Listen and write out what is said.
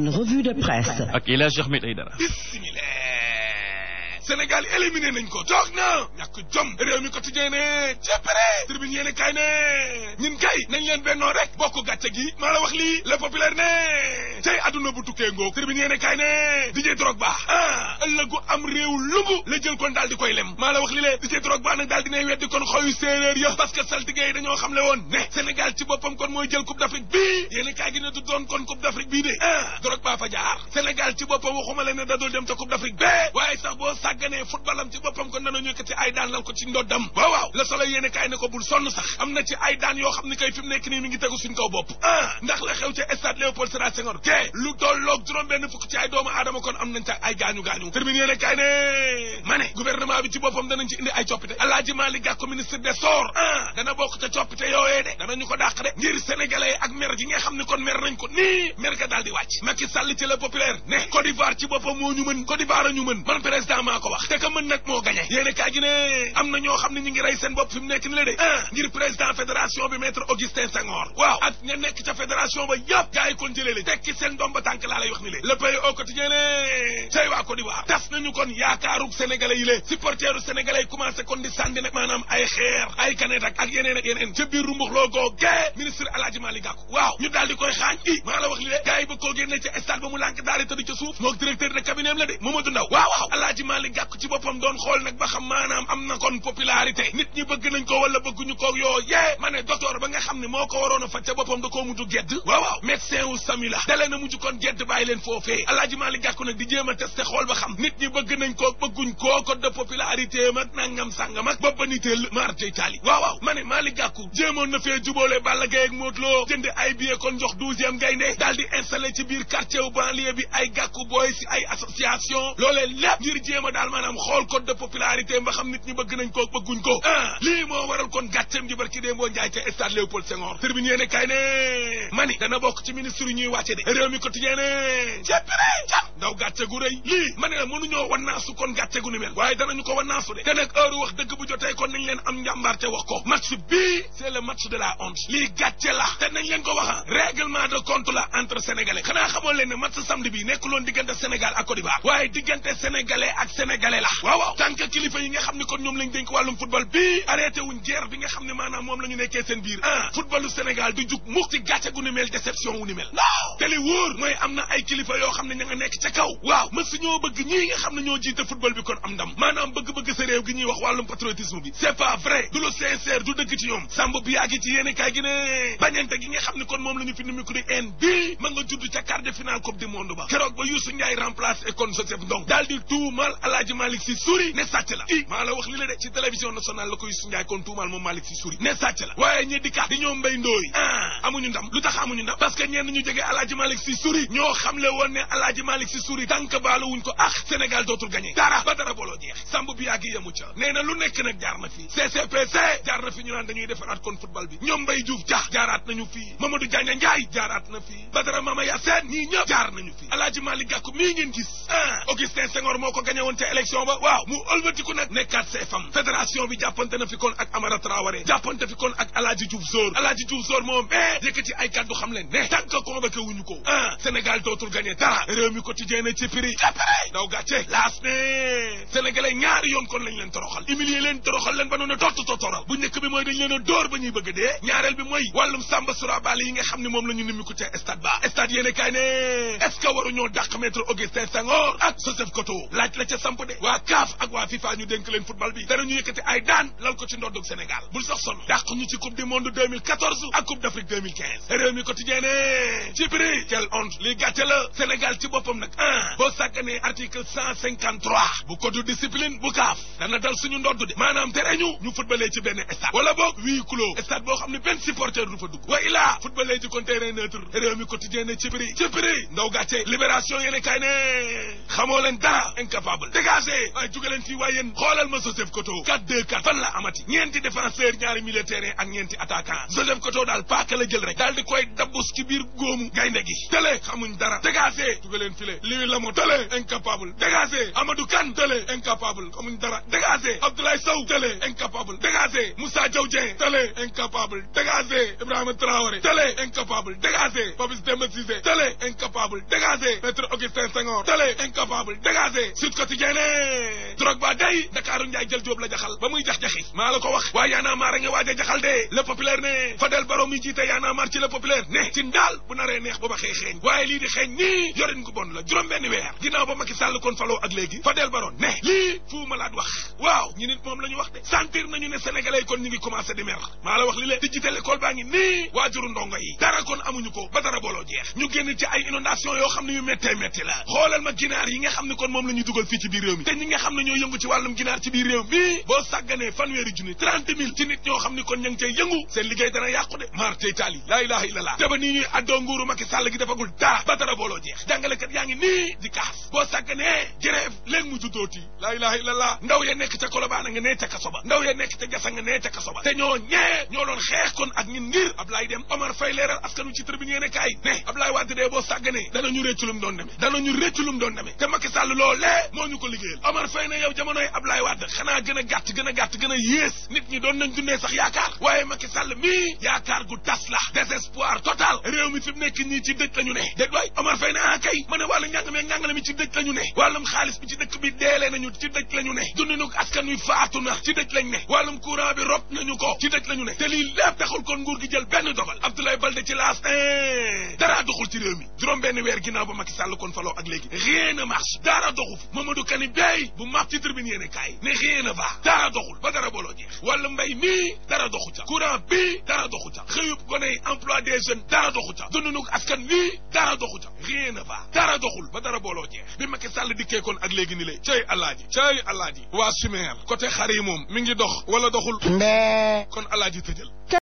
Une revue de presse. Ok, là, je remets les Sénégal éliminé nañ ko toog na ñàkk jom réew mi quotidien ne jéppare tribune yéen kaay ne ñun kay nañ leen bennoo rek bokk gàcce gi maa la wax lii la populaire ne tey adduna bu tukkee ngóog tribune yéen kaay ne Didier Drogba ah ëllëgu am réew lumbu la jël kon daal di koy lem maa la wax li lee Didier Drogba nag daal dinay weddi kon xoyu séeréer ya parce saltige yi dañoo xam le woon ne Sénégal ci boppam kon mooy jël coupe d'Afrique bii yéen kaay gi ne du doon kon coupe de ah Drogba fa jaar Sénégal ci boppam waxuma leen ne da dem ta coupe d'Afrique bee waaye sax sàgganee footballam ci boppam ko nanañu yëkkati ay daan lal ko ci ndoddam waaw waaw le soleil yéene ne ko bul sonn sax am na ci ay daan yoo xam ne kay fi nekk nii mi ngi tegu suñ kaw bopp ah ndax la xew ca stade Léopold Sédar Senghor te lu tolloog juróom-benn fukk ci ay doomu aadama kon am nañ ca ay gaañu-gaañu termine yéene ne ma ne gouvernement bi ci boppam danañ ci indi ay coppite Alaaji Malick Gakou ministre des sports ah dana bokk ca coppite ko wax te ka mën nag moo gañe yéen a gi ne am na ñoo xam ne ñu ngi rey seen bopp fi mu nekk ni la de ah ngir président fédération bi maître Augustin Senghor waaw ak ña nekk ca fédération ba yëpp gars yi kon jëlee leen tekki seen doom ba laa lay wax ni le le pays au quotidien ne tey waa Côte d'Ivoire tas nañu kon yaakaarug sénégalais yi lé supporteru sénégalais yi commencé kon di sànni nag maanaam ay xeer ay kanet ak ak yeneen yeneen ca biir rumbux loogoo gee ministre Alaaji ñu daal di koy xaañ jàpp ci boppam doon xool nag ba xam maanaam am na kon popularité nit ñi bëgg nañ ko wala bëgguñu ko yoo yee ma ne docteur ba nga xam ne moo ko waroon a ca boppam da koo mujj gedd waaw waaw médecin wu sami la dalee na mujj kon gedd bàyyi leen foofee alaaji Maalik Gàkku nag di jéem a testé xool ba xam nit ñi bëgg nañ ko bëgguñ koo code de popularité mag nangam sàngam ak boppa niteel marte Italie waaw waaw ma ne Maalik Gàkku jéemoon na fee jubóole Balla Gaye ak Modou Lo jënd ay billet kon jox douzième gaynde daal di installé ci biir quartier banlieue bi ay gàkku booy si ay association loolee lépp ngir jéem a daal daal maanaam xool code de popularité ba xam nit ñi bëgg nañ ko bëgguñ ko ah lii moo waral kon gàcceem ji barki dee boo njaay ca stade Léopold Senghor tribune yéene kay ne mani dana bokk ci ministre yi ñuy wàcce de réew mi quotidien ndaw gàcce gu rëy lii ma ne la mënuñoo wannaasu kon gàcce gu ni mel waaye danañu ko wannaasu de te nag heure wax dëgg bu jotee kon nañ leen am njàmbaar te wax ko match bii c'est le match de la honte lii gàcce la te nañ le ko waxa règlement de compte la entre sénégalais xanaa xamoo leen ne match samedi bi nekkuloon diggante Sénégal sénégalais la waaw waaw tànk kilifa yi nga xam ne kon ñoom lañ dénk wàllum football bi arrêté wuñ bi nga xam ne maanaam moom la nekkee seen biir ah footballu Sénégal du jug mukk ci gàcce gu ni déception wu ni mel te li wóor mooy am na ay kilifa yoo xam ne ña nga nekk ca kaw waaw mës ñoo bëgg ñii nga xam ne ñoo jiite football bi kon am ndam maanaam bëgg-bëgg sa réew gi ñuy wax wàllum patriotisme bi c'est pas vrai du la ñu fi du monde ba keroog alaaji Malick si suri ne sàcc la i maa wax li la de ci télévision nationale la koy su njaay kon tuumaal moom Malick si suri ne sàcc la waaye ñi dikkaat di ñoom mbéy ndooy ah amuñu ndam lu tax amuñu ndam parce que ñenn ñu jege alaaji Malick si suri ñoo xamle woon ne alaaji Malick si suri tànk baalu wuñ ko ah Sénégal dootul gagné dara ba dara booloo jeex sàmb bi yàgg yemu ca nee na lu nekk nag jaar na fii CCPC jaar na fi ñu naan dañuy defaraat ca élection ba waaw mu ëlbatiku nag nekkaat CFAM fédération bi jàppante na fi kon ak Amara Traoré jàppante fi kon ak Alaaji Diouf Zor Alaaji Diouf Zor moom mais eh yëkkati ay kàddu xam leen ne tant que convoqué wuñu ko ah Sénégal dootul gagné dara réew mi quotidien na ci prix ca gàcce laas ne sénégalais ñaari yoon kon lañ leen toroxal humilier leen toroxal leen ba noonu tott totoral bu njëkk bi mooy dañ leen a dóor ba ñuy bëgg dee ñaareel bi mooy wàllum Samba moom la ñu nimiku ca stade ba stade yéene kaay la ca ko de waa CAF ak waa FIFA ñu dénk leen football bi danañu yëkkati ay daan lal ko ci ndoddug Sénégal bul sax sonn dàq ñu ci coupe du monde ak coupe d'Afrique 2015 mi quotidien ci prix quelle honte li gàcce la Sénégal ci boppam nag ah boo sàgganee article 153 bu code discipline bu CAF dana dal suñu ndodd de maanaam tere ñu ñu footballee ci benn stade wala boog huis clos stade boo xam ne benn supporter du fa dugg wa ilaa footballee ji kon terrain neutre réew dégagé waaye jugaleen fii waaye yéen xoolal ma Joseph Koto 4 2 4 fan la amati ñeenti défenseur ñaari milieu terrain ak ñeenti attaquant Joseph Koto daal paaka la jël rek daal di koy dabbus ci góomu gaynde gi télé xamuñ dara dégagé jugaleen file Louis Lamont télé incapable dégagé Amadou Kane télé incapable xamuñ dara dégagé Abdoulaye Sow télé incapable dégagé Moussa Diaw Dieng télé incapable dégagé Ibrahima Traoré télé incapable dégagé Papis Demba ne drogue ba day dakaaru njaay jël jóob la jaxal ba muy jax-jaxi maa la ko wax waaye yaanaa maar a nga waaj a jaxal de le populaire ne Fadel Barro mi jiite yaanaa ci le populaire ne ci ndaal bu naree neex ba ba xee xeeñ waaye lii di xeeñ nii yorin gu bon la juróom benn weer ginnaaw ba Macky Sall kon faloo ak léegi Fadel Barro ne lii Fou Malade wax waaw ñu nit moom la wax de sentir nañu ne sénégalais kon ñu ngi commencé di mer maa la wax li lée di yoo xam ne yu méttee métti la moom la ñu dugal fii ci biir réew mi te ñi nga xam ne ñoo yëngu ci wàllum ginaar ci biir réew mi boo sàgganee fanweeri junni trente mille ci nit ñoo xam ni kon ña ngi yëngu seen liggéey dana yàqu de mar taali laa ilaha illallah daba nii ñuy addoo nguuru Macky Sall gi defagul daa ba dara booloo jeex jàngalekat yaa ngi nii di kaas boo sàgganee grève léegi mu juddooti laa ilaha illallah ndaw ya nekk ca Kolobaan nga nee ca kaso ndaw ya nekk ca Jasa nga nee ca kaso te ñoo ñee liggéeyal Omar Faye ne yow jamonoy Ablaye Wade xanaa gën a gàtt gën a gàtt gën a yées nit ñi doon nañ dundee sax yaakaar waaye Macky Sall mii yaakaar gu tas la désespoir total réew mi fi mu nekk nii ci dëj la ñu ne dégg Omar Faye ne ah kay ma ne wàllu njàng meeg mi ci dëj la ñu ne wàllum xaalis bi ci dëkk bi deelee nañu ci dëj la ñu ne dundinu askan wi faatu na ci dëj lañ ne wàllum courant bi rob nañu ko ci dëj la ñu ne te lii lépp taxul kon nguur gi jël benn dogal Abdoulaye Baldé ci laas dara doxul ci réew mi juróom benn weer ginnaaw ba Macky ni bay bu ma ci tribune yéen kaay ne rien ne va dara doxul ba dara booloo jeex wala mbay mii dara doxu ca courant bi dara doxu ca xëyub goney des jeunes dara doxu ca dundinu askan lii dara doxu ca rien ne va dara doxul ba dara booloo jeex bi Macky Sall dikkee kon ak léegi ni lay cay alaaji cay alaaji waa Sumer côté xar yi moom mi ngi dox wala doxul. mais kon alaaji tëjal.